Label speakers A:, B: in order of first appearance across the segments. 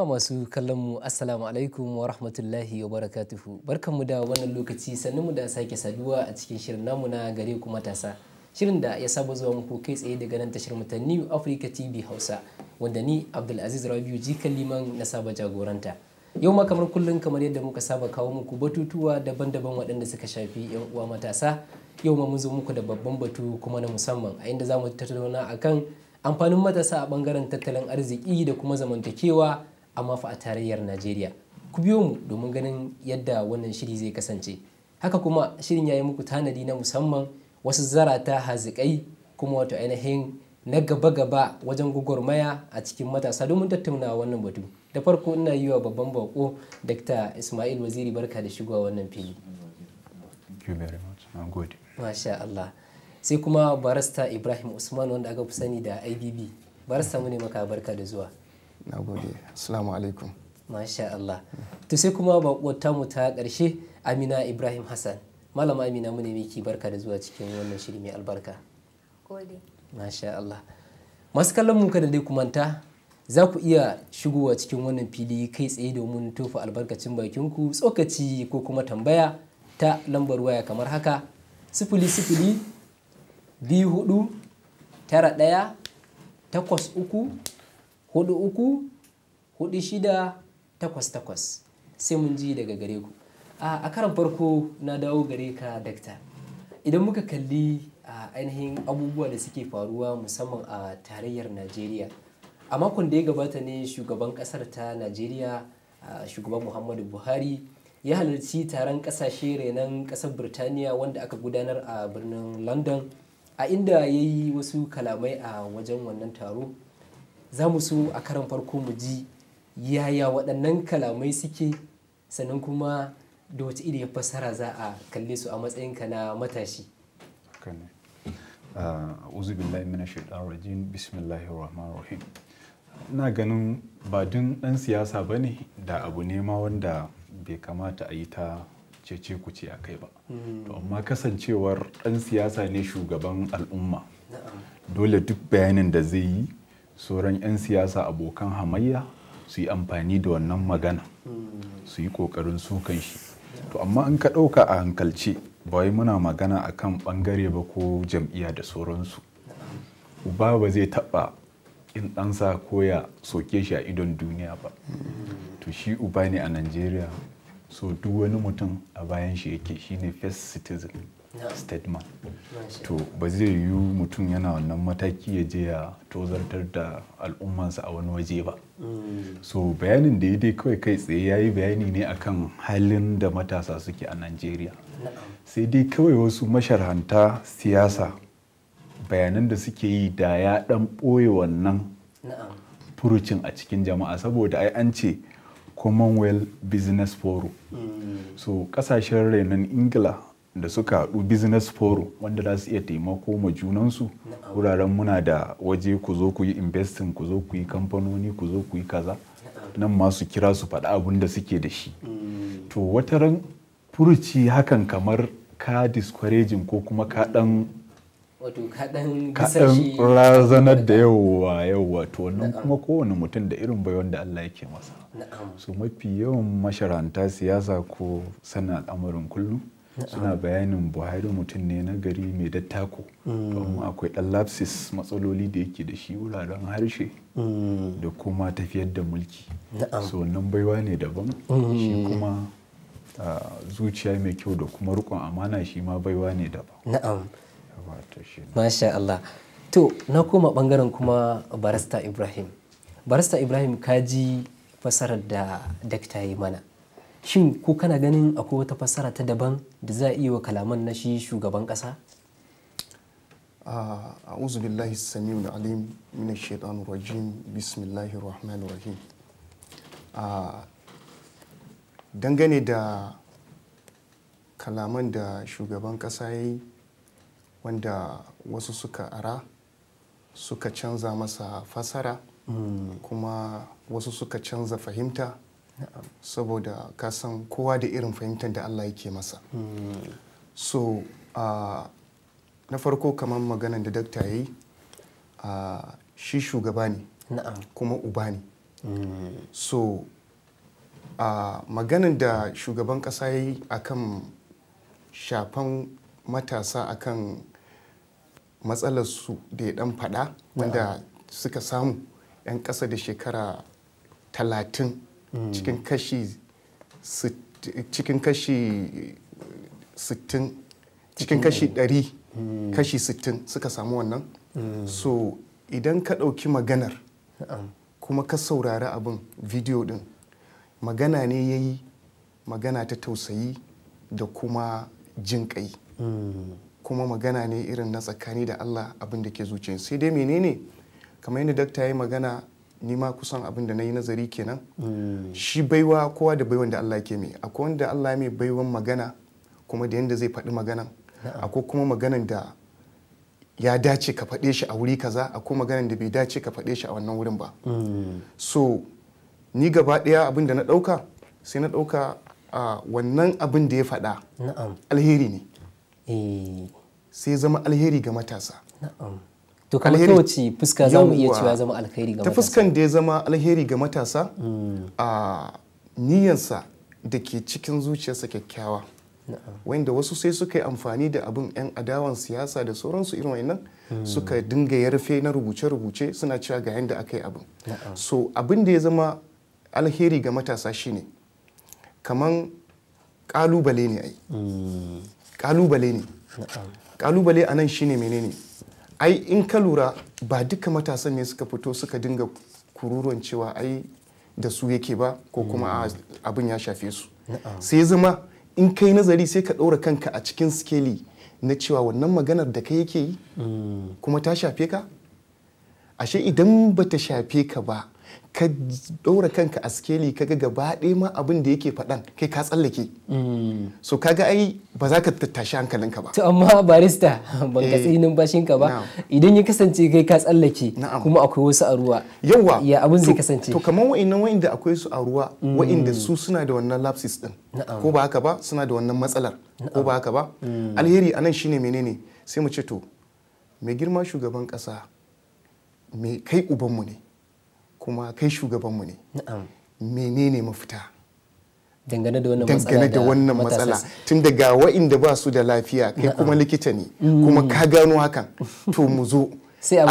A: jama'a masu kallon mu assalamu alaikum wa rahmatullahi wa barakatuhu mu da wannan lokaci sannu mu da sake saduwa a cikin shirin namu na gare ku matasa shirin da ya saba zuwa muku kai tsaye daga nan tashar mu ta New Africa TV Hausa wanda ni Abdulaziz Rabiu jika liman na saba jagoranta yau ma kamar kullum kamar yadda muka saba kawo muku batutuwa daban-daban waɗanda suka shafi yan uwa matasa yau ma mun zo muku da babban batu kuma na musamman a inda za mu tattauna akan amfanin matasa a bangaren tattalin arziki da kuma zamantakewa amma fa a tarayyar najeriya ku biyo mu domin ganin yadda wannan shiri zai kasance haka kuma shirin ya yi muku tanadi na musamman wasu zarata hazikai kuma wato ainihin na gaba-gaba wajen gwagwarmaya a cikin matasa domin tattauna wannan batu da farko ina yi wa babban bako dr ismail waziri barka da shigowa wannan fili masha Allah sai kuma barista ibrahim usman wanda aka fi sani da ibb barista mu ne maka barka da zuwa
B: na gode assalamu alaikum
A: masha Allah to sai kuma bakwata mu ta karshe Amina Ibrahim Hassan malama Amina mu ne miki barka da zuwa cikin wannan shiri mai albarka gode masha Allah masu kallon mu kada dai kumanta za ku iya shigowa cikin wannan fili kai tsaye domin tofa albarkacin bakin ku tsokaci ko kuma tambaya ta lambar waya kamar haka sifili sifili biyu hudu tara ɗaya takwas uku hudu uku hudu shida takwas takwas sai mun ji daga gare ku a karan farko na dawo gare ka dakta idan muka kalli a ainihin abubuwa da suke faruwa musamman a tarayyar najeriya a makon da ya gabata ne shugaban kasar ta najeriya shugaban muhammadu buhari ya halarci taron kasashe renon kasar birtaniya wanda aka gudanar a birnin london a inda ya yi wasu kalamai a wajen wannan taro za mu so a karan farko mu ji yaya waɗannan kalamai suke sannan kuma da wace iri fasara za a kalle su a matsayin na matashi
C: ah, uzu na ganin ba dun ɗan siyasa ba ne da abu ne ma wanda bai kamata a yi ta cece kuce a kai ba hmm. to amma kasancewar ɗan siyasa ne shugaban al'umma dole duk bayanin da zai yi sauran 'yan siyasa abokan hamayya su yi amfani da wannan magana su yi ƙoƙarin sukan shi to amma in ka ɗauka a hankalce wai muna magana a kan ɓangare ba ko jam'iyya da sauransu uba ba zai taɓa in ɗansa ko ya soke shi a idon duniya ba to shi uba ne a najeriya so duk wani mutum a bayan shi yake shine first citizen statement to ba zai yiwu mutum yana wannan mataki ya je ya tozartar da al'ummansa a wani waje ba mm. so bayanin da ya dai kawai kai tsaye ya yi bayani ne akan halin da matasa suke a najeriya sai dai kawai wasu masharhanta siyasa bayanan da suke yi da ya dan ɓoye wannan furucin a cikin jama'a saboda ai an ce commonwealth business forum
A: mm.
C: so kasashen renon ingila da suka haɗu business forum wanda za su iya taimako ma junansu wuraren muna da waje ku zo ku yi investing ku zo ku yi kamfanoni ku zo ku yi kaza nan masu kira su faɗi abin da suke da shi mm. to wata ran furuci hakan kamar ka discouraging ko kuma ka ɗan
A: kaɗan razanar
C: da yawa yawa to wannan kuma kowane mutum da irin bayon da Allah yake masa su mafi yawan masharanta siyasa ko sanin al'amarin kullum suna bayanin buhari mutum ne na gari mai dattako mm. don akwai ɗan lapsis matsaloli da yake da shi wuraren harshe mm. da kuma tafiyar da mulki so wannan baiwa ne daban mm. shi kuma zuciya mai kyau da kuma rukun amana shi ma
A: baiwa ne daban masha Allah to na koma bangaren kuma barista Ibrahim barista Ibrahim kaji fasarar da dakta yi mana shin ko kana ganin akwai wata fasara ta daban da za a iya wa kalaman na shi
B: shugaban ƙasa? Ah, a'udhu billahi wani alim mina shaitanir rajim bismillahi rahim ah, dangane da kalaman da shugaban ƙasa ya yi wanda wasu suka ara suka canza masa fasara hmm. kuma wasu suka canza fahimta saboda ka san kowa da irin fahimtar da Allah yake masa hmm. so na farko kamar maganan da dakta ya yi shi shugaba ne kuma uba ne hmm. so maganan da shugaban kasa ya yi akan shafan matasa akan matsalarsu da ya dan fada wanda suka samu 'yan ƙasa da shekara talatin cikin kashi cikin kashi sittin cikin kashi dari
D: hmm. kashi
B: sittin suka samu wannan hmm. so idan ka ɗauki maganar kuma ka saurari abin video din magana ne ya yi magana ta tausayi da kuma jin kai hmm. kuma magana ne irin na tsakani da allah abin da ke zuciya sai dai menene kamar yadda dakta ya yi magana ni ma kusan abin da na yi nazari kenan hmm. shi baiwa kowa da baiwan da Allah ke mai akwai wanda Allah mai baiwan magana kuma da yadda zai faɗi maganan akwai kuma maganan da ya dace ka faɗe shi a wuri kaza akwai maganan da bai dace ka faɗe shi a wannan wurin ba hmm. so ni gaba ɗaya abin da na ɗauka sai na ɗauka a wannan abin da ya faɗa alheri ne eh. sai zama alheri ga matasa to kuma ta wace fuska za mu iya cewa zama alheri ga matasa ta fuskan da ya zama alheri ga matasa hmm. a niyyansa da ke cikin zuciyarsa kyakkyawa wanda wasu sai suka yi amfani da abin 'yan adawan siyasa da sauransu irin wannan hmm. suka dinga yarfe na rubuce-rubuce suna cewa ga yadda aka yi abin so abin da ya zama alheri ga matasa shine kaman kalubale ne yi kalubale hmm. ne kalubale a nan shine menene ai in ka lura ba duka matasa ne suka fito suka dinga kururuwan cewa ai da su yake ba ko kuma mm. abin ya shafe su sai zama in ka yi nazari sai ka ɗaura kanka a cikin skeli na cewa wannan maganar da kai yake yi mm. kuma ta shafe ka ashe idan ba ta shafe ka ba ka ɗora kanka a skeli kaga gaba ɗaya ma abin da yake faɗan kai ka tsallake mm. so kaga ai ba za ka tattashi hankalinka ba
A: to amma barista ban ka eh. tsayi numfashinka ba idan ya kasance kai ka tsallake
B: kuma akwai wasu a ruwa yawa ya abin zai kasance to kamar wa'annan da akwai su a ruwa mm. da su suna da wannan lapsis din ko ba haka ba suna da wannan matsalar ko ba haka ba mm. alheri anan shine menene sai mu ce to mai girma shugaban kasa me kai ubanmu ne kuma kai shugabanmu ne menene mafita dangane da wannan matsala tun daga wa'inda ba su da lafiya kai kuma likita ne mm. kuma ka gano hakan to mu zo sai a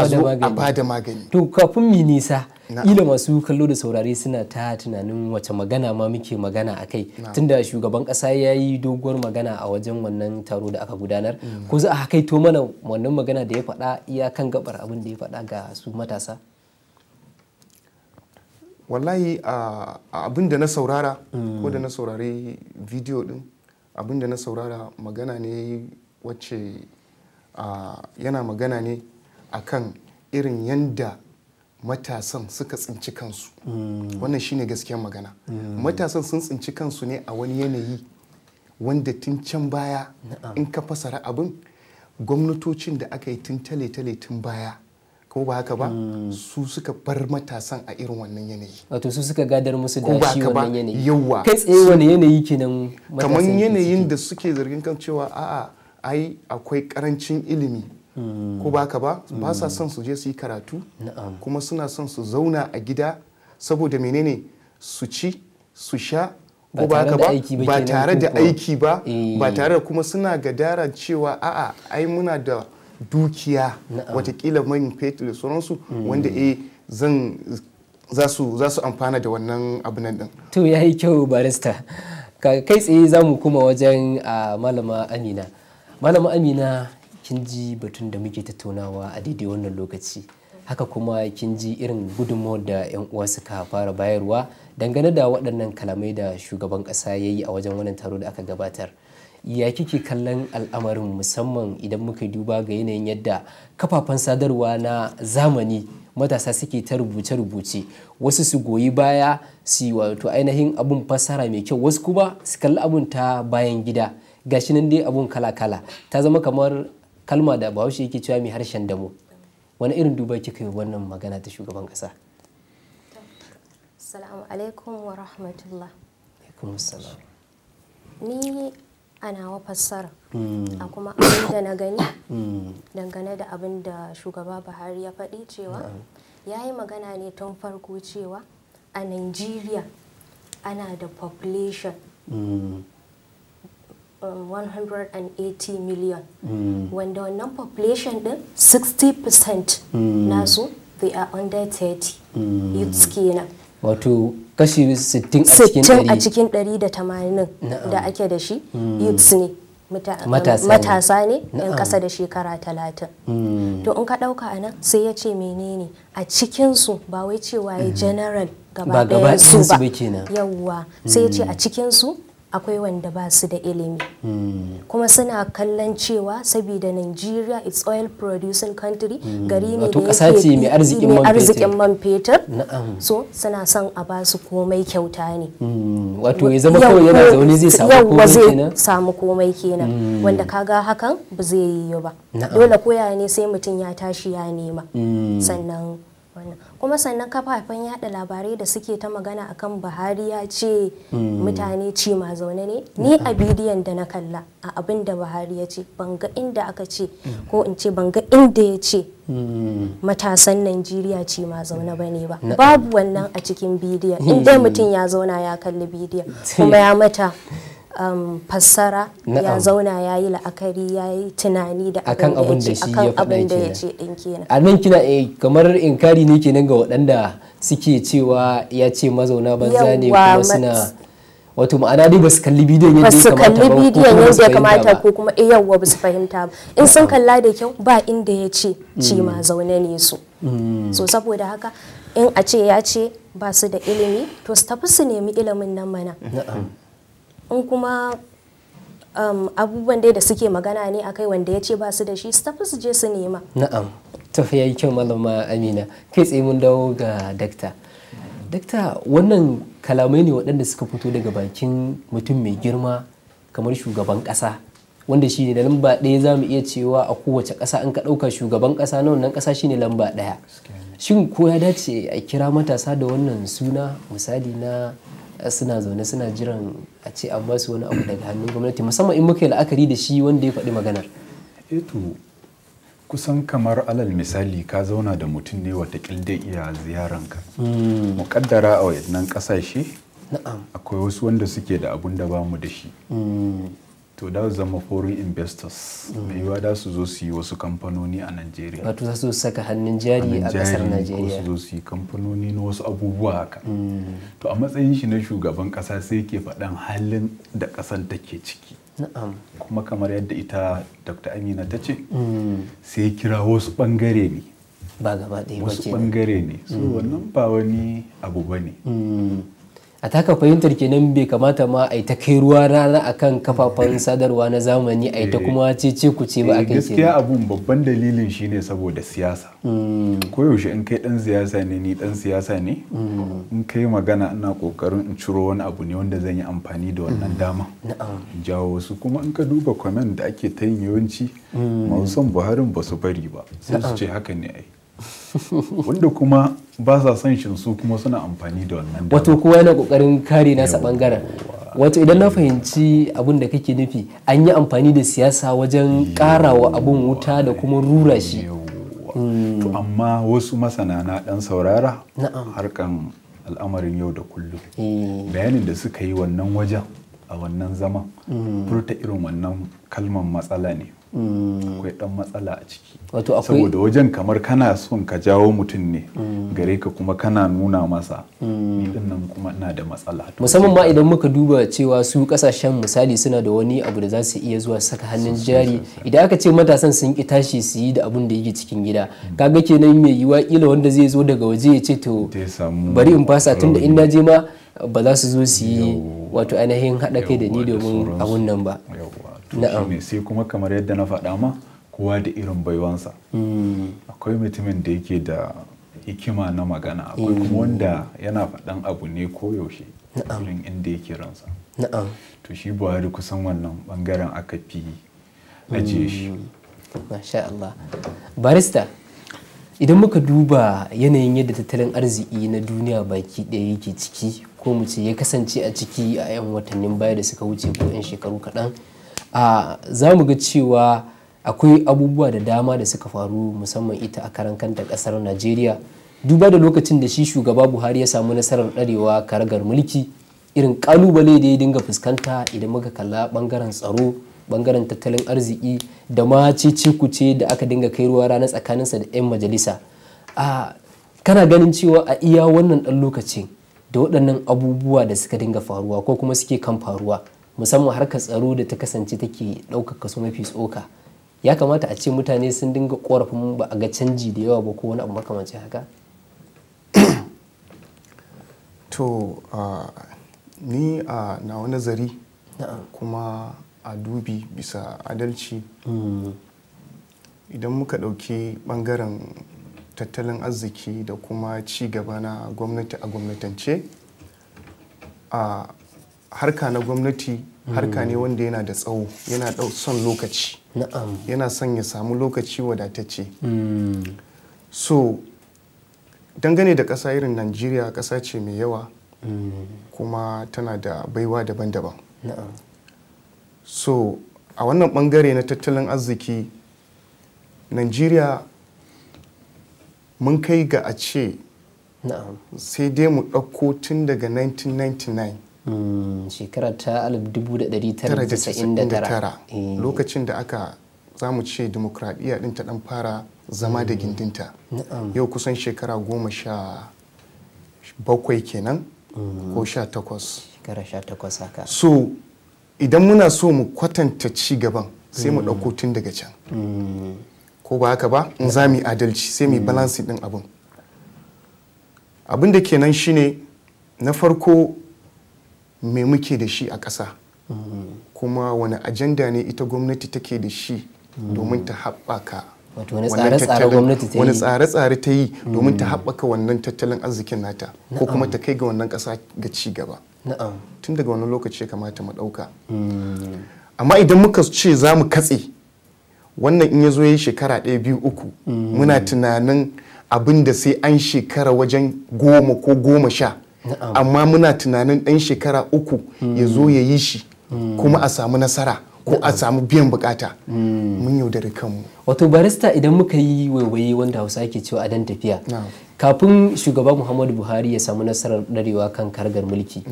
B: bada magani
A: to kafin mu nisa ila masu kallo da saurare suna ta tunanin wace magana ma muke magana a kai tunda shugaban kasa ya yi doguwar magana a wajen wannan taro da aka gudanar mm. ko za a to mana wannan magana da ya faɗa iyakan gabar abin da ya faɗa ga su matasa
B: wallahi abin da na saurara ko mm. da na saurari bidiyo din abin da na saurara magana ne wacce yana magana ne akan irin yanda matasan suka tsinci kansu mm. wannan shine gaskiyar magana mm. matasan sun tsinci kansu ne a wani yanayi wanda tun can baya in ka fasara abin gwamnatocin da aka yi tun tale-tale tun baya ko ba haka ba hmm. su suka bar matasan a irin wannan yanayi wato su suka gadar musu da shi wannan yanayi yawa kai tsaye wani yanayi kenan kamar yanayin da suke zargin kan cewa a'a ai akwai karancin ilimi hmm. ko ba haka ba ba sa hmm. son su je su yi karatu kuma suna son su zauna a gida saboda menene su ci su sha ko ba haka ba ba tare da aiki ba ba eh. tare da kuma suna gadara cewa a'a ai muna da dukiya watakila man fetur sauransu wanda eh zan za su amfana da wannan abu nan din
A: to yi kyau barista kai tsaye za mu kuma wajen a malama amina malama amina kin ji batun da muke tattaunawa a daidai wannan lokaci haka kuma kin ji irin gudunmawar da 'yan uwa suka fara bayarwa dangane da waɗannan kalamai da shugaban ƙasa ya yi a wajen wannan taro da aka gabatar ya kike kallon al'amarin musamman idan muka duba ga yanayin yadda kafafen sadarwa na zamani matasa suke ta rubuce-rubuce wasu su goyi baya su wato ainihin abun fassara mai kyau wasu kuma su kalli abun ta bayan gida gashi nan dai abun kala-kala ta zama kamar kalma da bahaushe yake cewa mai harshen damo wani irin duba kika yi wannan magana ta shugaban kasa
D: Assalamu Ni ana wa hmm. a kuma abin da na gani hmm. dangane da abin da shugaba buhari ya faɗi cewa ya yi magana ne tun farko cewa a nigeria ana da population 180 hmm. um, million wanda wannan population din 60% nasu they are under 30
A: youths kenan wato kashi 60 a
D: cikin 100 da tamanin da ake da shi hmm. youths um, ne matasa ne yan kasa da shekara talatin hmm. to in ka dauka a nan sai ya ce menene a cikinsu ba wai cewa ya hmm. general gaba su ba yawwa sai ya ce a cikinsu akwai wanda ba su da ilimi hmm. kuma suna kallon cewa saboda nigeria it's oil producing country hmm. gari ne da yake mai arzikin man fetur so suna son a ba su komai kyauta ne
A: hmm. wato ya zama kawai yana zaune zai samu komai kenan
D: samu komai kenan wanda kaga hakan ba zai yi ba dole koya ne sai mutum ya tashi ya nema sannan kuma sannan kafafen yada labarai da suke ta magana akan buhari ya ce hmm. mutane ci ma zaune ne hmm. ni a bidiyon da na kalla a abin da buhari ya ce banga inda aka ce hmm. ko in ce banga inda ya ce matasan najeriya ci ma zaune ba ne ba babu wannan a cikin bidiyon inda mutum ya zauna ya kalli bidiyon kuma ya mata um, fassara ya zauna ya yi la'akari ya yi tunani da akan abin da shi ya faɗa ya ce din kenan
A: a nan kina e, kamar inkari ne kenan ga waɗanda suke cewa ya ce mazauna banza ne kuma suna wato ma'ana dai ba su kalli bidiyon yadda ya kamata ba kalli bidiyon yadda ya kamata ko
D: kuma eh, yawwa ba su fahimta ba in sun kalla da kyau ba inda ya ce ci ma mm. zaune ne su mm. so saboda haka in a ce ya ce ba su da ilimi to su tafi su nemi ilimin nan mana in kuma um, abubuwan dai da suke magana ne akai wanda ya ce ba su da shi su tafi su je su nema
A: na'am to yi kyau malama amina kai tsaye mun dawo ga dakta dakta wannan kalamai ne waɗanda suka fito daga bakin mutum mai girma kamar shugaban ƙasa wanda shi ne da lamba ɗaya za mu iya cewa a kowace ƙasa an ka ɗauka shugaban ƙasa na wannan ƙasa shi ne lamba ɗaya shin ko ya dace a kira matasa da wannan suna misali na suna zaune suna jiran a ce an basu wani abu daga hannun gwamnati musamman in muka yi la'akari da shi wanda ya faɗi maganar eto eh kusan kamar alal misali ka zauna da mutum ne wata
C: da iya ka hmm. muƙaddara a wayannan ƙasashe akwai wasu wanda suke da abun da ba mu da shi hmm. to da su zama foreign investors mm. mai yiwa da su zo su yi wasu kamfanoni a Najeriya. Wato za su
A: saka hannun jari a kasar Najeriya. su
C: zo su yi kamfanoni na wasu abubuwa haka. Mm. To a matsayin shi na shugaban kasa sai ke faɗan halin da ƙasar take ciki. Kuma kamar yadda ita Dr. Amina ta ce, mm. sai kira wasu ɓangare ne. Ba gaba ɗaya ba Wasu ɓangare ne. So wannan ba wani abu ba ne.
A: a taka fahimtar kenan bai kamata ma a ta kai ruwa rana a kan kafafen eh. sadarwa na zamani a ta eh. kuma cece ku ce ba a eh, kai gaskiya
C: abun babban dalilin shine saboda siyasa hmm. koyaushe in kai dan siyasa ne ni dan siyasa ne
A: hmm.
C: in kai magana ina kokarin in ciro wani abu ne wanda zan yi amfani da wannan hmm. dama jawo su kuma in ka duba comment da ake ta yin yawanci mausan buharin ba su bari ba sai su ce haka ne ai wanda
A: kuma ba sa son shi su kuma suna amfani da wannan wato kowa yana kokarin kare nasa bangaren wato idan na fahimci abin da kake nufi an yi amfani da siyasa wajen karawa abin wuta da kuma rura shi to hmm. amma wasu masana na
C: dan saurara harkan al'amarin yau da kullum eh. bayanin da suka yi wannan wajen a wannan zaman hmm. furta irin wannan kalmar matsala ne akwai dan matsala a ciki saboda wajen kamar kana son ka jawo mutum ne mm. gare ka kuma kana nuna masa
A: mm. din nan kuma ina da matsala musamman ma idan muka duba cewa su kasashen misali suna da wani abu da za su iya zuwa saka hannun jari idan aka ce matasan sun ki tashi su yi da abun da yake cikin gida mm. kaga kenan mai yiwa kila wanda zai zo daga waje ya ce to bari in fasa tunda in na je ma ba za su zo su yi wato ainihin haɗa kai da ni domin abun nan ba to sai kuma kamar yadda na
C: faɗa ma kowa da irin baiwansa hmm. akwai mutumin da yake da hikima na magana akwai hmm. kuma wanda yana faɗan abu ne koyaushe yaushe. inda yake ransa to shi buhari kusan wannan bangaren aka fi ajiye shi
A: hmm. masha Allah barista idan muka duba yanayin yadda tattalin arziki na duniya baki ɗaya yake ciki ko mu ce ya kasance a ciki a 'yan watannin baya da suka wuce ko 'yan shekaru kaɗan a za mu ga cewa akwai abubuwa da dama da suka faru musamman ita a karan kanta kasar najeriya duba da lokacin da shi shugaba buhari ya samu nasarar ɗarewa karagar mulki irin kalubale da ya dinga fuskanta idan muka kalla bangaren tsaro bangaren tattalin arziki da ma cece da aka dinga kai ruwa rana tsakaninsa da 'yan majalisa a kana ganin cewa a iya wannan ɗan lokacin da waɗannan abubuwa da suka dinga faruwa ko kuma suke kan faruwa musamman harkar tsaro da ta kasance take ɗaukaka su mafi tsoka ya kamata a ce mutane sun dinga korafin ba a ga canji da yawa ba ko wani abu makamancin haka
B: to ni a wani nazari kuma a dubi bisa adalci mm. idan muka ɗauki ɓangaren tattalin arziki da kuma ci gaba na gwamnati a gwamnatance a harka na gwamnati harka ne hmm. wanda yana da tsawo yana da son lokaci yana son ya samu lokaci wadatacce hmm. so dangane da ƙasa irin najeriya ƙasa ce mai yawa hmm. kuma tana da baiwa daban-daban so a wannan ɓangare na tattalin arziki najeriya mun kai ga a ce sai dai mu ɗauko tun daga 1999 Hmm, shekara ta 1999 eh. lokacin da aka zamu ce demokradiyya din ta dan fara zama da hmm. gindinta yau kusan shekara goma sha bakwai kenan hmm. ko sha takwas shekara sha
A: takwas haka so
B: idan muna so mu kwatanta ci gaban sai mu ɗauko tun daga can ko ba haka ba in za mu yi adalci sai mu yi balansi ɗin abin abin da kenan shine na farko me muke da shi a ƙasa kuma wani ajanda ne ita gwamnati take da shi domin ta haɓaka wani tsare-tsare ta yi domin ta mm. haɓaka wannan tattalin arzikin nata ko kuma ta kai ga wannan ƙasa ga ci gaba tun daga wani lokaci kamata mu ɗauka mm. amma idan muka ce za mu katse wannan in ya zo ya yi shekara ɗaya biyu uku mm. muna tunanin abin da sai an shekara wajen goma ko goma sha amma muna tunanin ɗan shekara uku ya zo ya yi shi kuma a samu nasara ko a samu biyan bukata hmm. mun
A: yaudari kanmu wato barista idan muka yi waiwaye wanda hausa ke cewa dan tafiya kafin shugaba muhammadu buhari ya samu nasarar ɗarewa kan kargar mulki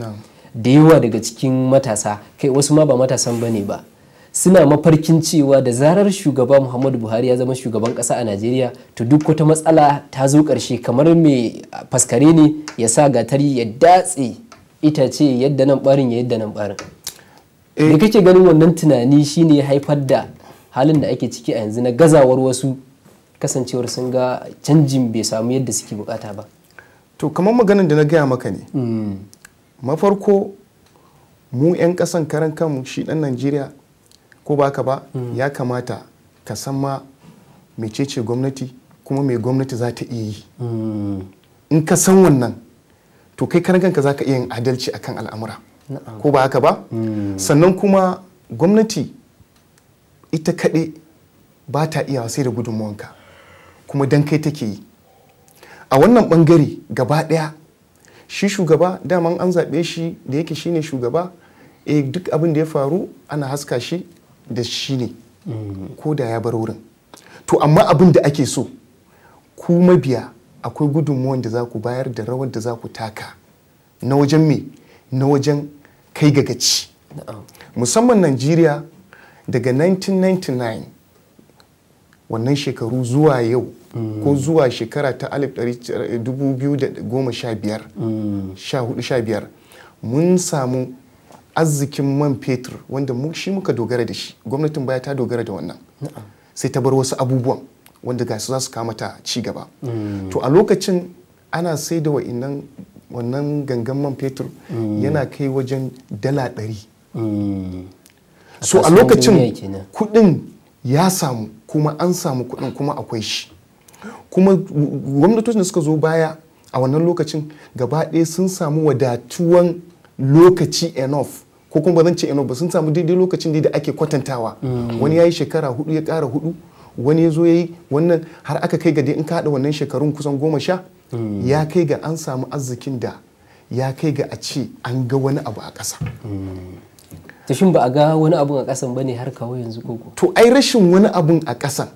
A: da yawa daga cikin matasa kai wasu ma ba matasan ba ne ba suna mafarkin cewa da zarar shugaba muhammadu buhari ya zama shugaban ƙasa a najeriya to duk wata matsala ta zo ƙarshe kamar mai faskare ne ya sa gatari ya datse itace yadda nan barin ya yadda nan barin da eh. kake ganin wannan tunani shine ya haifar da halin da ake ciki a yanzu na gazawar wasu kasancewar sun ga canjin bai samu yadda suke bukata
B: ba to kamar maganin da na gaya maka ne mafarko hmm. mu 'yan kasan karan kanmu shi dan najeriya ko baka ba hmm. ya kamata ka san ma mecece gwamnati kuma mai gwamnati za ta iya yi hmm. in ka san wannan to kai karan za ka iya yin adalci akan al'amura ko ba haka ba hmm. sannan kuma gwamnati ita kaɗai ba ta iya sai da gudunmuwanka kuma dan kai take yi a wannan ɓangare gaba ɗaya shi shugaba daman an zaɓe shi da yake shine shugaba e duk abin da ya faru ana haska shi da shi ne hmm. ko da ya bar wurin to amma abin da ake so ku mabiya akwai gudunmuwan da za ku bayar da rawar da za ku taka na wajen me na wajen kai ga gaci musamman najeriya daga 1999 wannan shekaru zuwa yau mm. ko zuwa shekara ta 2015 mm. mun samu arzikin man fetur wanda shi muka dogara da shi gwamnatin baya ta dogara da wannan sai ta bar wasu abubuwan wanda ga su za su kama ta ci gaba mm. to a lokacin ana sai da wa'innan wannan gangan man fetur mm. yana kai wajen dala ɗari mm. so a lokacin kuɗin ya samu kuma an samu kuɗin kuma akwai shi kuma gwamnatocin da suka zo baya a wannan lokacin gaba ɗaya sun samu wadatuwan lokaci enough ko kuma ba zan ce enough ba sun samu daidai lokacin da ake kwatantawa wani ya yi shekara hudu ya kara hudu wani ya zo ya yi wannan har aka kai ga dai in ka haɗa wannan shekarun kusan goma sha hmm. ya kai ga an samu arzikin da ya kai ga a ce an ga wani abu a ƙasa. Hmm. to shin ba a ga wani abu a ƙasan ba ne har kawo yanzu koko to ai rashin wani abun a ƙasan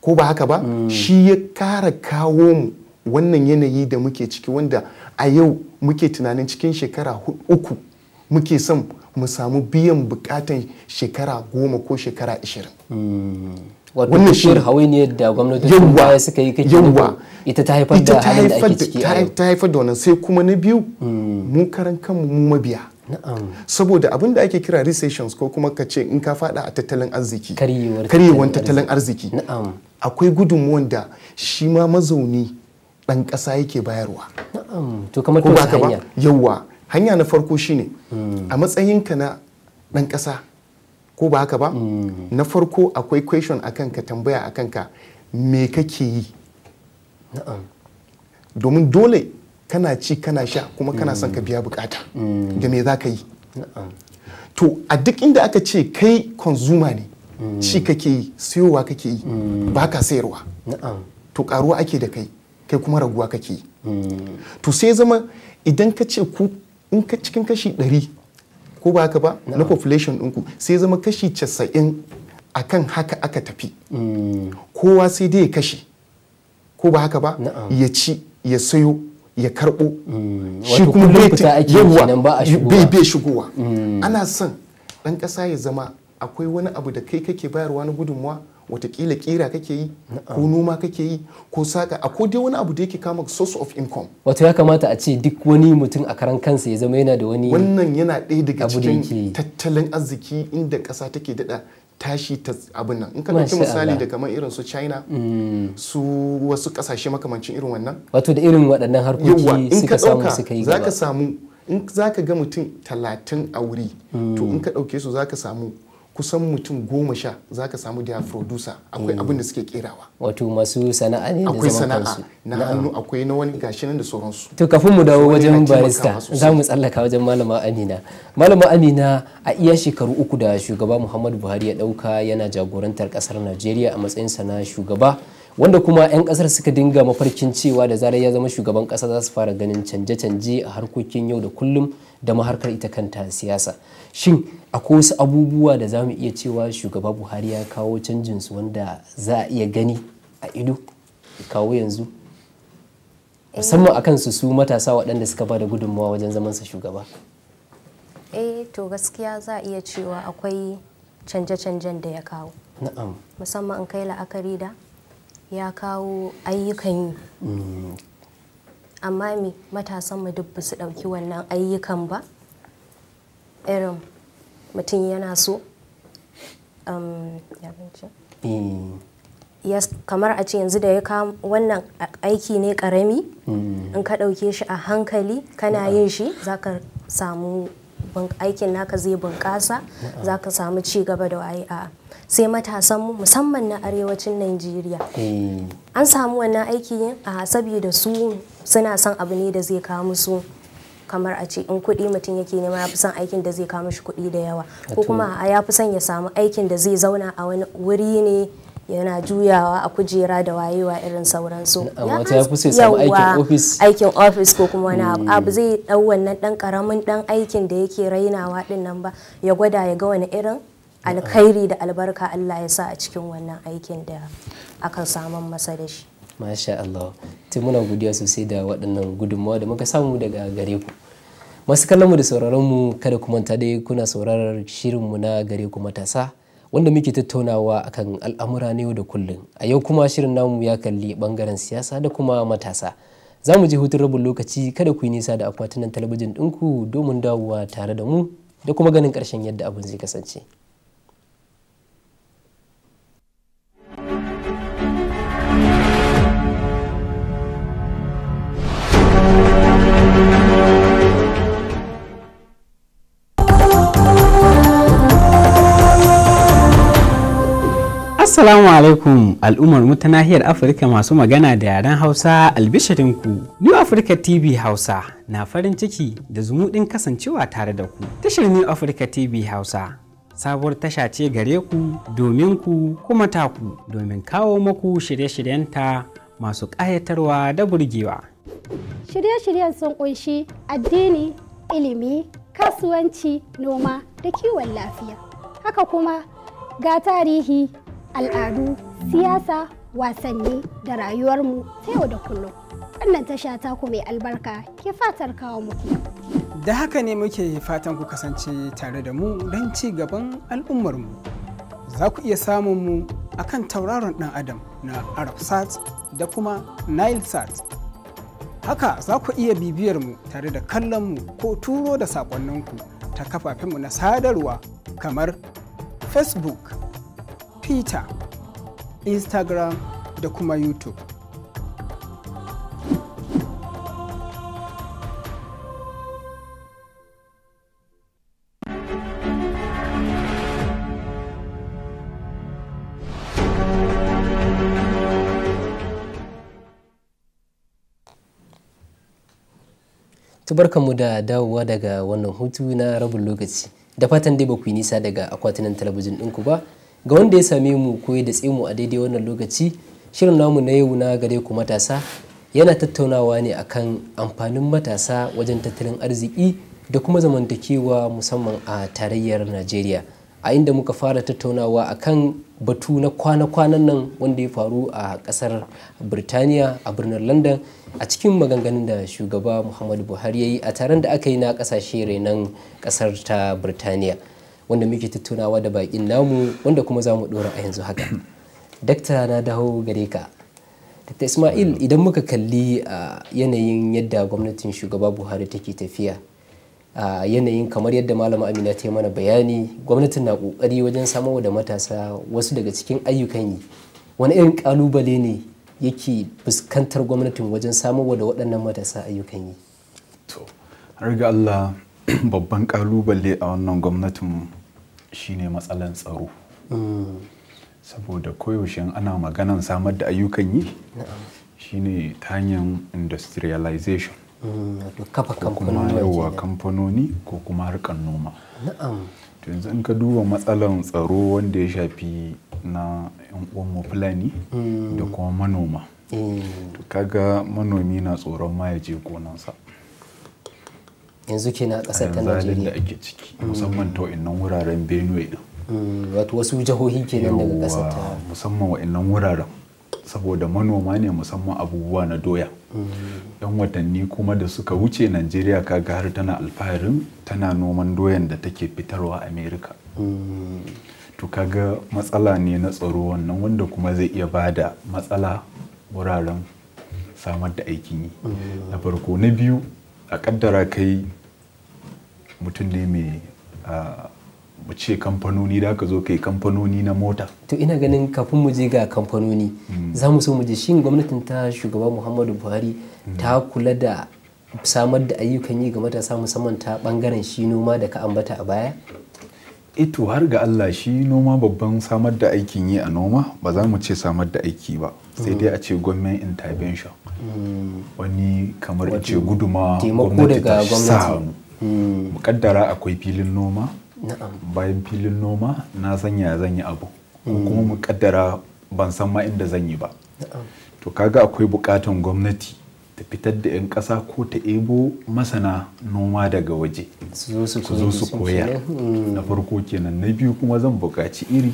B: ko ba haka ba hmm. shi ya kara kawo mu wannan yanayi da muke ciki wanda a yau muke tunanin cikin shekara uku muke son mu samu biyan bukatan shekara goma ko shekara
A: ashirin.
B: wannan shi hawainiyar da gwamnatin baya suka yi kake yawwa ita ta haifar da halin da ake ciki ta haifar da wannan sai kuma na biyu hmm. mu karan kanmu mu mabiya saboda abin da ake kira recessions ko kuma ka ce in ka fada a tattalin arziki karyewar tattalin arziki akwai gudunmuwan da shi ma mazauni dan kasa yake bayarwa to kamar ta hanya yawwa hanya na farko shine hmm. a matsayinka na dan kasa. ko ba haka ba mm. na farko akwai question akan ka tambaya akan ka me kake yi domin dole kana ci kana sha kuma kana son ka mm. biya bukata mm. da me za ka yi to a duk inda aka ce kai consumer
D: ne
B: ci kake yi siyowa kake yi ba ka sayarwa to karuwa ake da kai kai kuma raguwa kake yi to sai zama idan ka ce ku in ka cikin kashi ɗari ko ba haka ba na population ɗinku sai zama kashi casa'in akan haka aka tafi mm. kowa sai dai ya kashe ko ba haka ba ya ci ya sayo ya karɓo mm. shi kuma bai bai shigowa mm. ana son ɗan ƙasa ya zama akwai wani abu da kai kake bayarwa na gudunmuwa watakila kira kake yi ko noma kake yi ko saka a ko dai wani abu da yake kama source of income wato ya kamata a ce duk wani mutum a karan kansa ya zama yana da wani wannan yana ɗaya daga cikin tattalin arziki inda ƙasa take daɗa tashi ta abin nan in ka ɗauki misali da kamar irin su china mm. su wasu ƙasashe makamancin irin wannan wato da irin waɗannan harkoki suka samu suka yi gaba za ka samu in za ka ga mutum talatin a wuri to in ka ɗauke su za ka samu kusan mutum goma sha za ka samu da producer akwai abin da suke kerawa
A: wato masu sana'a ne akwai sana'a na hannu
B: akwai na wani gashi nan da sauransu to kafin mu dawo wajen barista za
A: mu tsallaka wajen malama amina malama amina a iya shekaru uku da shugaba muhammadu buhari ya dauka yana jagorantar kasar najeriya a matsayin na shugaba wanda kuma 'yan kasar suka dinga mafarkin cewa da zarar ya zama shugaban kasa za su fara ganin canje-canje a harkokin yau da kullum da maharkar ita kanta siyasa shin akwai wasu abubuwa da za mu iya cewa shugaba buhari ya kawo canjin su wanda za a iya gani a ido kawo yanzu musamman akan su su matasa waɗanda suka ba da gudunmawa wajen zaman sa shugaba
D: eh to gaskiya za a iya cewa akwai canje-canjen da ya kawo musamman in kai la'akari da ya kawo ayyukan yi mm. amma me matasan mu duk su ɗauki wannan ayyukan ba irin mutum yana so um, mm. kamar a ce yanzu da ya kama wannan aiki ne karami mm. in ka ɗauke shi a hankali kana yin shi za ka samu aikin naka zai bunƙasa za ka samu ci gaba da waye a sai matasan mu musamman na arewacin Najeriya. Eh. An samu wannan aiki a saboda su suna son abu ne da zai kawo musu kamar a ce in kuɗi mutum yake nema ya fi son aikin da zai kawo mishi kuɗi da yawa ko kuma a ya fi son ya samu aikin da zai zauna a wani wuri ne yana juyawa a kujera da wayewa irin sauransu yawwa aikin ofis ko kuma wani abu abu hmm. zai dau wannan dan karamin dan aikin da yake rainawa din nan ba ya gwada ya ga wani irin alkhairi da albarka Allah ya sa a cikin wannan aikin da aka samu masa da shi
A: masha Allah tun muna godiya sosai da waɗannan gudunmawa da muka samu daga gare ku masu kallon mu da sauraron mu kada ku manta dai kuna sauraron shirin mu na gare ku matasa wanda muke tattaunawa akan al'amura na yau da kullum a yau kuma shirin namu ya kalli bangaren siyasa da kuma matasa za mu je hutun rabin lokaci kada ku yi nisa da akwatunan talabijin ɗinku domin dawowa tare da mu da kuma ganin ƙarshen yadda abin zai kasance. Assalamu alaikum al'ummar mu ta nahiyar Afirka masu magana da yaren Hausa albishirinku. New Africa TV Hausa na farin ciki da zumuɗin kasancewa tare da ku. Tashar New Africa TV Hausa sabuwar tasha ce gare ku domin ku kuma ta ku domin kawo muku shirye shiryen ta masu ƙayatarwa da burgewa.
D: Shirye-shiryen sun ƙunshi addini, ilimi, kasuwanci, noma da kiwon lafiya. Haka kuma ga tarihi al'adu siyasa wasanni da rayuwarmu ta yau da kullum wannan tasha ku mai albarka ke fatar kawo muku
C: da haka ne muke fatan ku kasance tare da mu don ci gaban al'ummarmu za ku iya samun mu a kan tauraron dan adam na arabsat da kuma sat haka za ku iya bibiyar mu tare da kallon mu ko turo da sakonninku ta kafafenmu na sadarwa kamar facebook twitter instagram da kuma youtube
A: mu da dawowa daga wannan hutu na rabin lokaci da fatan dai ba ku yi nisa daga akwatinan talabijin ɗinku ba ga wanda ya same mu ko da tse mu a daidai wannan lokaci shirin namu na yau na gare ku matasa yana tattaunawa ne akan amfanin matasa wajen tattalin arziki da kuma zamantakewa musamman a tarayyar najeriya a inda muka fara tattaunawa akan batu na kwana-kwanan nan wanda ya faru a kasar birtaniya a birnin london a cikin maganganun da shugaba muhammadu buhari ya yi a taron da aka yi na kasashe renon kasar ta birtaniya wanda muke tattaunawa da bakin namu wanda kuma za mu dora a yanzu haka dakta na dawo gare ka dakta ismail idan muka kalli a yanayin yadda gwamnatin shugaba buhari take tafiya a yanayin kamar yadda malama amina ta yi mana bayani gwamnatin na kokari wajen samarwa da matasa wasu daga cikin ayyukan yi wani irin kalubale ne yake fuskantar gwamnatin wajen samarwa da waɗannan matasa ayyukan yi to
C: har ga allah babban kalubale a wannan gwamnatin shine matsalan tsaro mm. saboda koyaushe ana maganan samar da ayyukan yi shine ta hanyar industrialization mm, ko kuma yawa kamfanoni ko kuma harkar noma yanzu in ka duba matsalan tsaro wanda ya shafi na yan uwanmu fulani mm. da kuma manoma to kaga manomi na tsoron ma ya je gonansa yanzu kenan kasar ta Najeriya da ake ciki musamman ta wa'innan wuraren Benue ɗin. Mm, wato wasu jihohi kenan daga ƙasar ta musamman wa'innan wuraren saboda manoma ne musamman abubuwa na doya
A: mm.
C: yan watanni kuma da suka wuce Najeriya kaga har tana alfaharin tana noman doyan da take fitarwa Amerika mm. to ga matsala ne na tsaro wannan wanda kuma zai iya bada matsala wuraren samar da aikin yi na farko na biyu a kaddara kai mutum ne mai
A: mu ce kamfanoni da ka zo kai kamfanoni na mota to ina ganin kafin mu je ga kamfanoni hmm. za mu so mu je shin gwamnatin ta shugaba muhammadu buhari hmm. ta kula da samar da ayyukan yi ga matasa musamman ta bangaren shi noma da ka ambata a baya
C: ito eh har ga allah shi noma babban samar da aikin yi a noma ba za mu ce samar da aiki ba sai dai a ce gwamnan intervention hmm. wani kamar ce guduma gwamnati ta sa kaddara akwai filin noma bayan filin noma na sanya zan yi abu kuma hmm. kaddara ban san ma inda zan yi ba to kaga akwai bukatan gwamnati ta fitar da 'yan ƙasa ko ta ebo masana noma daga waje su zo su koya hmm. na farko kenan na biyu kuma zan buƙaci iri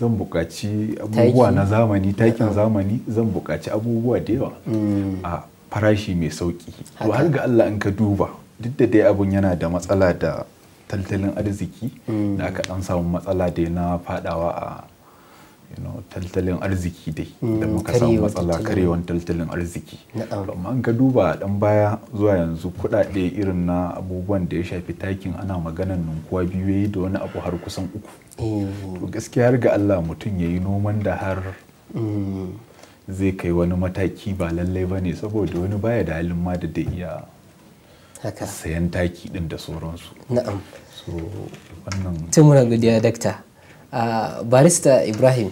C: zan buƙaci abubuwa na zamani takin zamani zan buƙaci abubuwa da yawa hmm. a farashi mai sauki to har ga Allah in ka duba duk da dai abun yana da matsala da tattalin arziki mm. da aka dan samu matsala dai na fadawa a tattalin arziki dai mm, da muka samu matsala karewan tattalin arziki amma ga duba dan baya zuwa yanzu kudade irin na abubuwan da ya shafi takin ana maganan ninkuwa biyu yayi da wani abu har kusan uku mm. to gaskiya har ga Allah mutum ya yi noman da har zai kai wani mataki ba lallai ba ne saboda wani baya da halin
A: ma da da iya sayan taki din da sauransu na'am so wannan tun muna godiya dakta barista ibrahim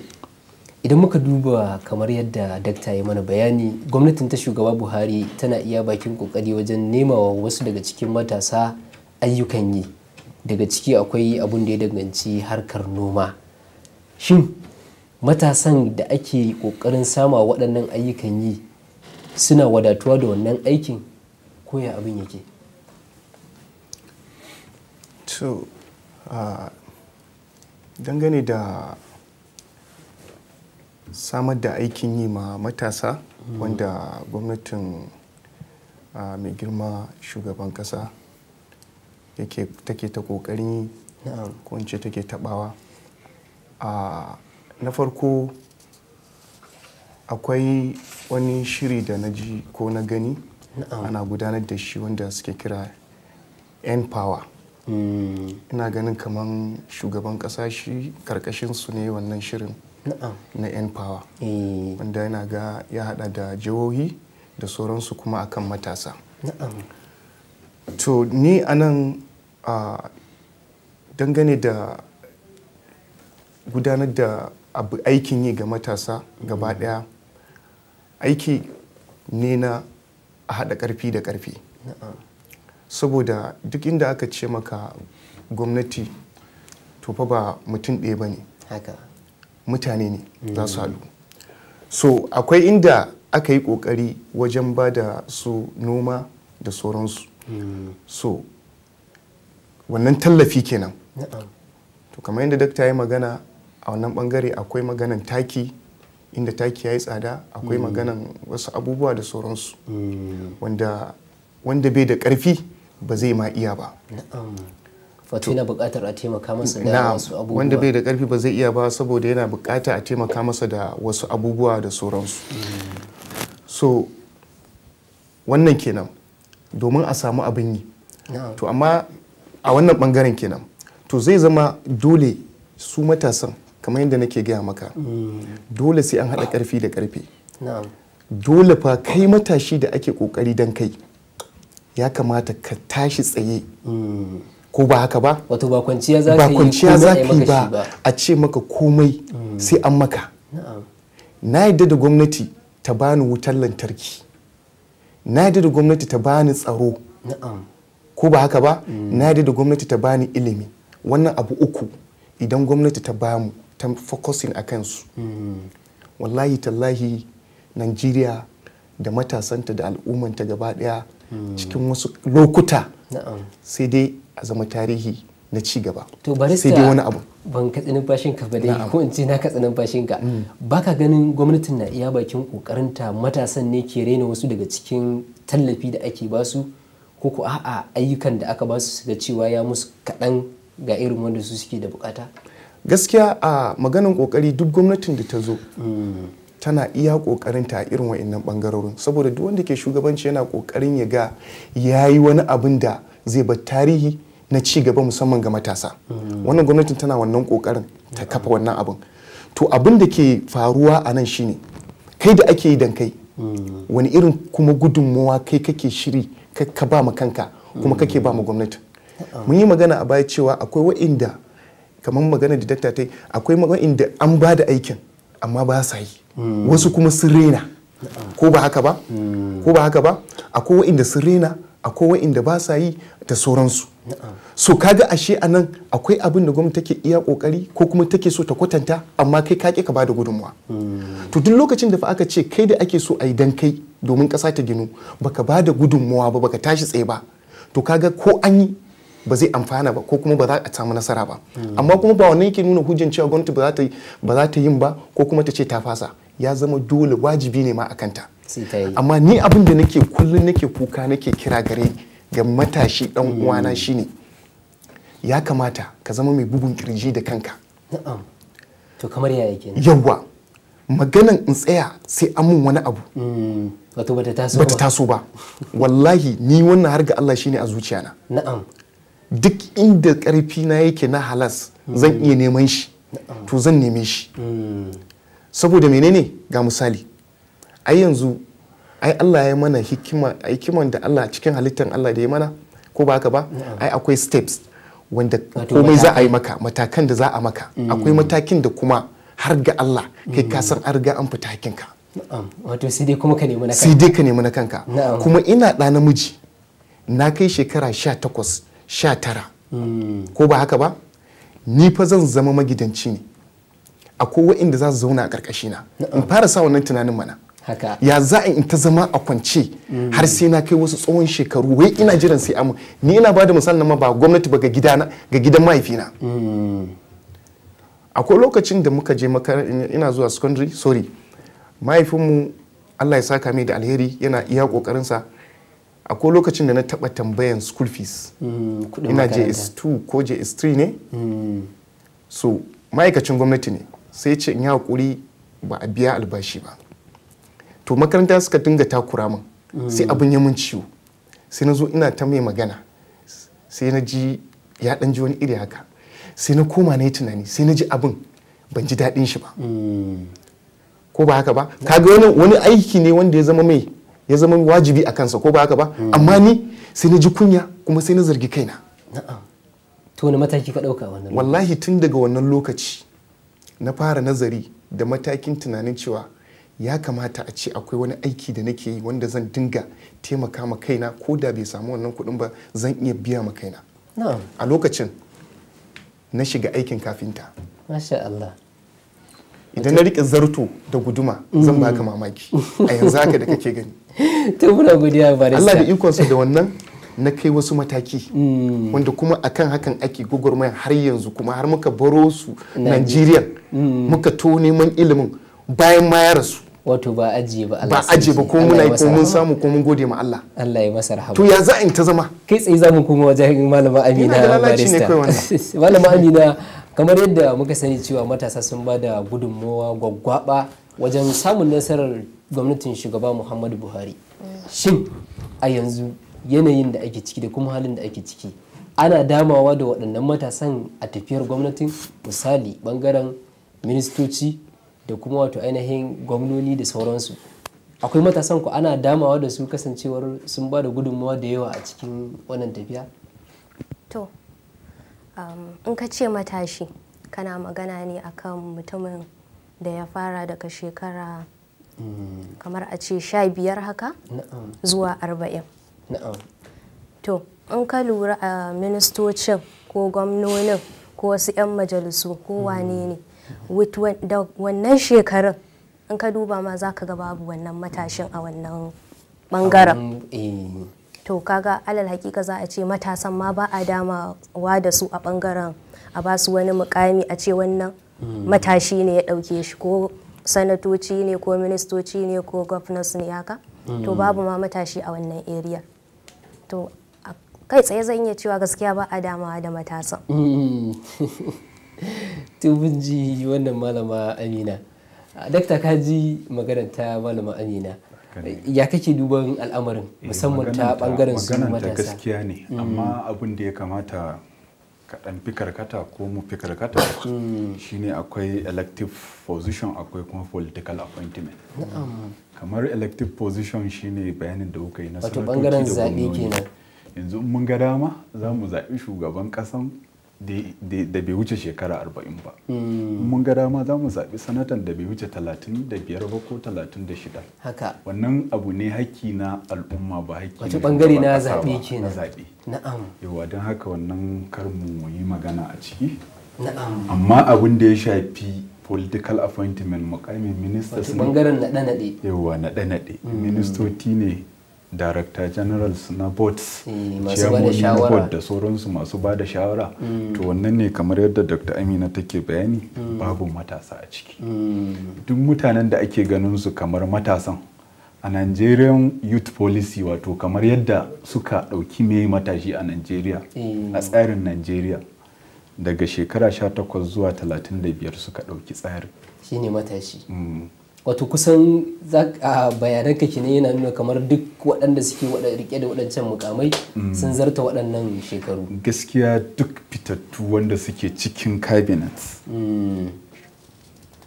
A: idan muka duba kamar yadda dakta ya mana bayani gwamnatin ta shugaba buhari tana iya bakin kokari wajen nemawa wasu daga cikin matasa ayyukan yi daga ciki akwai abun da ya danganci harkar noma shin matasan da ake kokarin sama waɗannan ayyukan yi suna wadatuwa da wannan aikin
B: koya abin yake so uh, dangane da samar da aikin yi ma matasa mm. wanda gwamnatin uh, mai girma shugaban kasa take ta kokarin yeah. ko take tabawa uh, na farko akwai wani shiri da na ji ko na gani ana gudanar da shi wanda suke kira n power Hmm. ina ganin kamar shugaban kasa shi karkashin su ne wannan shirin na yan power eh. wanda yana ga ya hada da jihohi da sauransu kuma akan matasa to ni anan dangane da gudanar da abu aikin yi ga matasa gaba daya hmm. aiki ne na a hada karfi da karfi. saboda duk inda aka ce maka gwamnati to fa ba mutum ɗaya ba ne mutane ne za su hmm. haɗu so akwai inda aka yi ƙoƙari wajen ba da su noma da sauransu hmm. so wannan tallafi kenan to kamar yadda dakta ya magana a wannan bangare akwai maganan taki inda taki ya yi tsada akwai hmm. maganan wasu abubuwa da sauransu wanda bai da ƙarfi ba zai ma iya ba fatu buƙatar a taimaka masa da wasu abubuwa wanda bai da ƙarfi ba zai iya ba saboda yana buƙata a taimaka masa da wasu abubuwa da sauransu mm. so wannan kenan domin a samu abin yi to amma a wannan ɓangaren kenan to zai zama dole su matasan kamar yadda nake gaya maka mm. dole sai an haɗa ƙarfi da ƙarfi dole fa kai matashi da ake ƙoƙari don kai ya kamata ka tashi tsaye ko ba haka ba wato ba kwanciya za ka yi ba a ce maka komai mm. sai an maka na yadda da gwamnati ta bani wutar lantarki na yadda da gwamnati ta bani tsaro ko ba haka ba mm. na yadda da gwamnati ta bani ilimi wannan abu uku idan gwamnati ta bamu ta focusing a kansu mm. wallahi tallahi Najeriya da matasanta da al'ummanta gaba daya cikin wasu lokuta sai dai a zama tarihi na ci to barista sai wani abu
A: ban tsinin bashin ka ba dai ko in ce na tsinin bashin mm. ka baka ganin gwamnatin na iya bakin kokarinta matasan ne ke rena wasu daga cikin tallafi da ake basu ko ko a'a ayyukan da aka basu su ga cewa ya musu kaɗan ga irin wanda
B: su suke da bukata gaskiya a maganin kokari duk gwamnatin da ta zo mm. tana iya kokarin ta irin wa'annan bangarorin saboda duk wanda ke shugabanci yana kokarin ya ga yayi wani abin da zai bar tarihi na ci gaba musamman ga matasa hmm. wannan gwamnatin tana wannan kokarin ta kafa wannan abin to abin da ke faruwa a nan shine kai da ake yi dan kai hmm. wani irin kuma gudunmuwa kai kake shiri ka ba ma kanka kuma kake ba ma gwamnati hmm. mun yi magana a baya cewa akwai wa'inda kamar magana da dakta ta akwai wa'inda an ba da aikin amma ba sa yi wasu kuma sun rena ko ba haka ba ko ba haka ba akwai wa'inda sun rena akwai ba sa yi da sauransu so kaga ashe a nan akwai abin da gwamnati take iya kokari ko kuma take so ta kwatanta amma kai ka ka bada gudunmuwa to duk lokacin da fa aka ce kai da ake so a yi dan kai domin kasa ta ginu baka bada gudunmuwa ba baka tashi tsaye ba to kaga ko an yi ba zai amfana ba ko kuma ba za a samu nasara ba amma kuma ba wannan yake nuna hujjan cewa gwamnati ba za ta ba za ta yin ba ko kuma ta ce ta fasa ya zama dole wajibi ne ma a kanta amma ni abin da nake kullun nake kuka nake kira gare ga matashi dan mm. uwana shine ya kamata ka zama mai bugun kirji da kanka to kamar yaya yawa maganan in tsaya sai an mun wani abu mm. wato bata taso ba wallahi ni wannan har ga Allah shine a zuciyana na'am duk inda karfi na yake na halas zan iya neman shi to zan neme shi saboda menene ga misali ai yanzu ai Allah ya mana hikima hikiman da Allah cikin halittar Allah da ya mana ko ba haka ba ai akwai steps wanda komai za a yi maka matakan da za a maka mm. akwai matakin da kuma har ga Allah kai ka san mm. an riga an fita hakinka wato sai dai kuma ka nemi na kanka sai dai ka nemi na kanka kuma ina ɗa namiji na kai shekara 18 sha tara ko ba haka ba ni fa zan zama magidanci ne A kowa inda za su zauna a ƙarƙashi na in fara sa wannan tunanin mana ya za in ta zama a kwance har mm. sai na kai wasu tsawon shekaru wai ina jiran sai amu ni ina ba da misalin ma ba gwamnati ba ga gidana ga gidan mahaifina mm. akwai lokacin da muka je ina zuwa secondary sorry mahaifinmu allah ya saka mai da alheri yana iya sa akwai lokacin da na taɓa tambayan school fees mm, ina js2 ko js3 ne mm. so ma'aikacin gwamnati ne sai ce in yi hakuri ba a biya albashi ba to makaranta suka dinga takura min mm. sai abin ya ciwo sai na zo ina ta mai magana sai na ji ya dan ji wani iri haka sai na koma na yi tunani sai na ji abin ban ji daɗin shi ba ko ba haka ba kaga wani aiki ne wanda ya zama mai ya zama wajibi a kansa ko ba haka ba mm. amma ni sai na ji kunya kuma sai na zargi kaina to wani mataki ka dauka wannan wallahi tun daga wannan lokaci na fara nazari da matakin tunanin cewa ya kamata a ce akwai wani aiki da nake yi wanda zan dinga taimaka ma kaina ko da bai samu wannan kuɗin ba zan iya biya ma kaina a lokacin na shiga aikin kafinta Masha Allah. idan na rike zarto da guduma zan mm. baka mamaki a yanzu haka da kake gani to muna godiya barista Allah da ikonsa da wannan na kai wasu mataki mm. wanda kuma akan hakan ake gwagwarmaya har yanzu kuma har muka baro su Najeriya mm. muka to neman ilimin bayan ma ya rasu wato ba ajiye ba Allah ba ajiye ba ko muna yi ko mun samu ko mun gode ma Allah Allah
A: ya masa rahama to ya za in ta zama kai tsaye zamu kuma wajen malama Amina barista malama Amina kamar yadda muka sani cewa matasa sun ba da gudunmawa gwaggwaba wajen samun nasarar gwamnatin shugaba muhammadu buhari shin a yanzu yanayin da ake ciki da kuma halin da ake ciki ana damawa da waɗannan matasan a tafiyar gwamnatin misali ɓangaren ministoci da kuma wato ainihin gwamnoni da sauransu akwai matasan ku ana damawa da su kasancewar sun ba da gudunmawa da yawa a cikin wannan tafiya
D: to um, in ka ce matashi kana magana ne akan mutumin da ya fara daga shekara kamar a ce sha biyar haka zuwa arba'in to in ka lura a ministocin ko gwamnonin ko wasu 'yan majalisu ko hmm. wane ne da wannan shekarun in ka duba ma za ka ga babu wannan matashin a wannan bangaren eh. to kaga alal hakika za a ce matasan ma ba a damawa da su a bangaren a ba su wani mukami a ce wannan hmm. matashi ne ya dauke shi ko sanatoci ne ko ministoci ne ko governors ne haka to mm. babu ma matashi a wannan area to kai tsaye zan iya cewa gaskiya ba a damawa da matasa
A: mm. tubin ji wannan malama amina dakta ka ji maganar ta malama amina ya kake duban al'amarin eh, musamman ta bangaren su matasa gaskiya ne mm. amma abin da ya kamata kaɗan fi karkata
C: ko mu fi karkata hmm. shine akwai elective position akwai kuma political appointment kamar elective position shine bayanin da kuka yi na sanatoci da gwamnoni yanzu mun ga dama za mu zaɓi shugaban ƙasan da bai wuce shekara arba'in ba hmm. mun ga dama za mu zaɓi sanatan da bai wuce talatin da biyar ba ko talatin da shida haka wannan abu ne haƙƙi na al'umma ba haƙƙi wato bangare na zaɓe kenan na zaɓe na'am yawa don haka wannan karmu mu yi magana a ciki
A: na'am amma
C: abin da ya shafi political appointment mukamin ministers ne bangaren naɗe-naɗe yawa naɗe-naɗe hmm. ministoci ne director generals na boards mm, chairmomin na board da sauransu masu ba da shawara mm. to wannan ne kamar yadda dr amina take bayani mm. babu matasa a ciki duk mutanen da ake ganin su kamar matasan a nigerian youth policy wato kamar yadda suka ɗauki mai matashi a nigeria a tsarin nigeria daga shekara 18 zuwa 35 suka ɗauki tsarin shine matashi
A: wato kusan bayanan ka ne yana nuna kamar duk waɗanda suke rike da waɗancan mukamai mm. sun zarta waɗannan shekaru
C: gaskiya duk fitattu wanda suke cikin cabinet mm.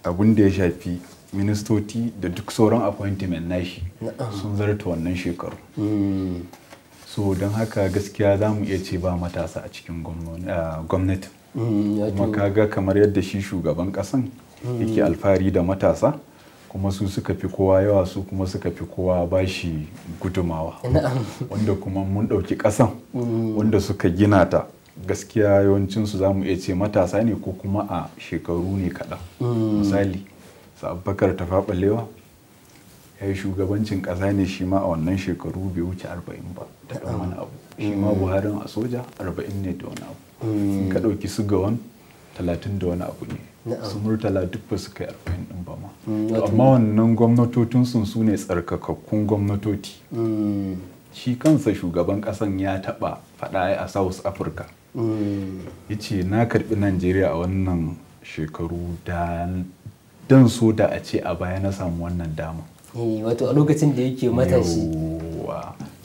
C: abin da ya shafi ministoci da duk sauran appointment nashi sun zarta wannan shekaru mm. so don haka gaskiya za mu iya ce ba matasa a cikin gwamnati kuma kaga kamar yadda shi shugaban kasan yake alfahari da matasa kuma su suka fi kowa yawa su kuma suka fi kowa bashi gudumawa wanda kuma mun ɗauki ƙasan mm. wanda suka gina ta gaskiya yawancinsu za mu iya ce matasa ne ko kuma a shekaru ne kaɗan mm. misali ta tafaɓalewa ya yi shugabancin ƙasa ne shi ma a wannan shekaru bai wuce arba'in ba da ɗan abu shi ma mm. buharin a soja arba'in ne da wani abu ka ɗauki su ga wani talatin da wani abu ne su murtala duk ba su kai arba'in din ba ma mm, amma wannan gwamnatocin sun su ne tsarkakakkun gwamnatoci mm. shi kansa shugaban kasan ya taba faɗa a south africa mm. ya ce na karɓi najeriya a wannan shekaru da dan so da a ce a baya
A: na samu wannan dama eh, wato a lokacin da yake matashi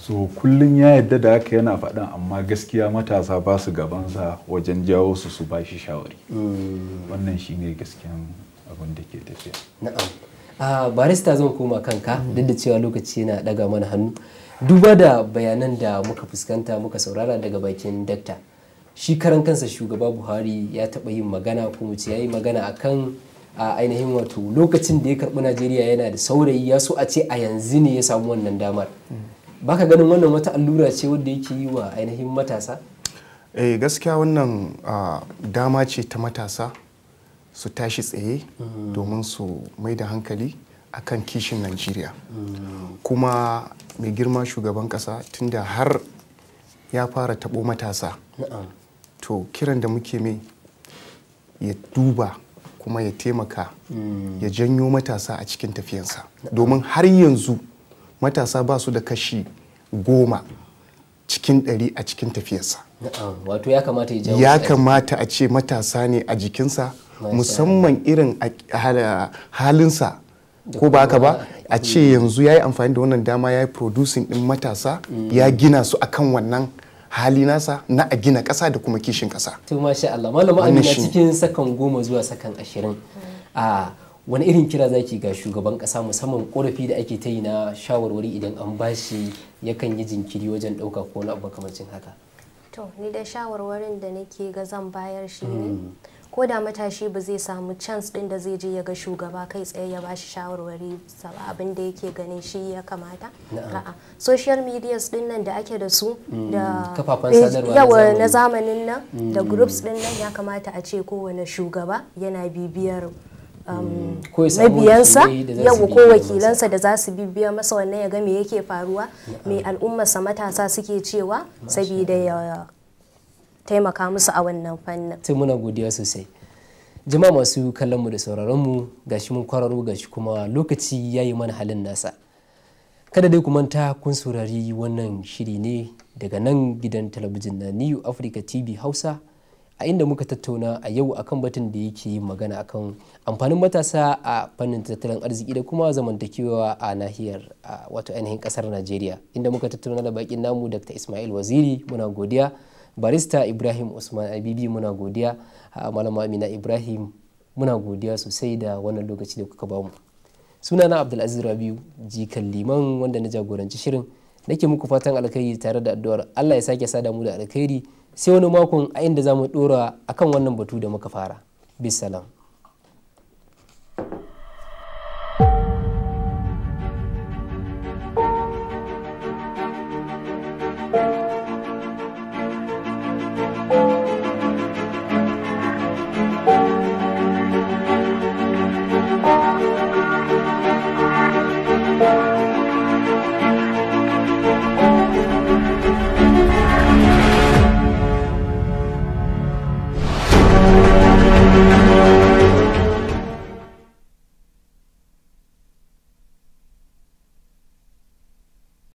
C: so kullum ya yadda da haka yana faɗin amma gaskiya matasa ba su gabansa wajen jawo su su ba shi shawari wannan shi ne gaskiyan abin da ke tafiya na'am
A: ah, barista zan koma kanka duk da cewa lokaci yana daga mana hannu duba da bayanan da muka fuskanta muka saurara daga bakin dakta shi karan kansa shugaba buhari ya taba yin magana kuma ce ya yi magana akan a ainihin wato lokacin da ya karɓi najeriya yana da saurayi ya so a ce a yanzu ne ya samu wannan damar baka ganin wannan wata allura ce wadda yake yi wa ainihin matasa
B: eh gaskiya wannan dama ce ta matasa su tashi tsaye mm. domin su mai da hankali a kan kishin najeriya mm. kuma mai girma shugaban kasa tunda har ya fara tabo matasa to kiran da muke mai ya duba kuma ya taimaka mm. ya janyo matasa a cikin tafiyansa domin har yanzu matasa ba su da kashi goma cikin ɗari a cikin tafiyarsa
A: wato ya kamata ya ya kamata
B: a ce matasa ne a jikinsa musamman irin halinsa ko ba haka ba a ce hmm. yanzu ya yi amfani da wannan dama ya yi producing ɗin matasa hmm. ya gina su akan wannan hali nasa na a gina ƙasa da kuma kishin ƙasa.
A: to masha Allah malama cikin sakan goma zuwa sakan ashirin hmm. a wani irin kira zaki ga shugaban kasa musamman korafi da ake ta yi na shawarwari idan an bashi yakan yi jinkiri wajen ɗauka ko na abu kamacin haka
D: to ni da shawarwarin da nake ga zan bayar shi ne hmm. ko da matashi ba zai samu chance din da zai je ya ga shugaba kai tsaye ya bashi shawarwari abin da yake ganin shi ya kamata a'a social media din nan da ake da su hmm, da eh, yawa na zamanin nan da hmm. groups din nan ya kamata a ce kowane shugaba yana bibiyar mabiyansa um, yau ko wakilansa da za su bibiya masa wannan ya ga me yake faruwa me al'ummarsa matasa suke cewa saboda ya taimaka musu a wannan fannin.
A: Sai muna godiya sosai. Jama'a masu kallon da sauraron mu shi mun kwararo ga shi kuma lokaci ya yi mana halin nasa. Kada dai ku manta kun saurari wannan shiri ne daga nan gidan talabijin na New Africa TV Hausa a inda muka tattauna a yau akan batun da yake magana akan amfanin matasa a fannin tattalin arziki da kuma zamantakewa a nahiyar wato ainihin kasar najeriya inda muka tattauna da bakin namu dr ismail waziri muna godiya barista ibrahim usman abibi muna godiya malama amina ibrahim muna godiya sosai da wannan lokaci da kuka bamu sunana abdulaziz rabiu jikan liman wanda na jagoranci shirin nake muku fatan alkhairi tare da addu'ar allah ya sake sada mu da alkhairi sai wani makon a inda za mu dora akan wannan batu da muka fara bisalam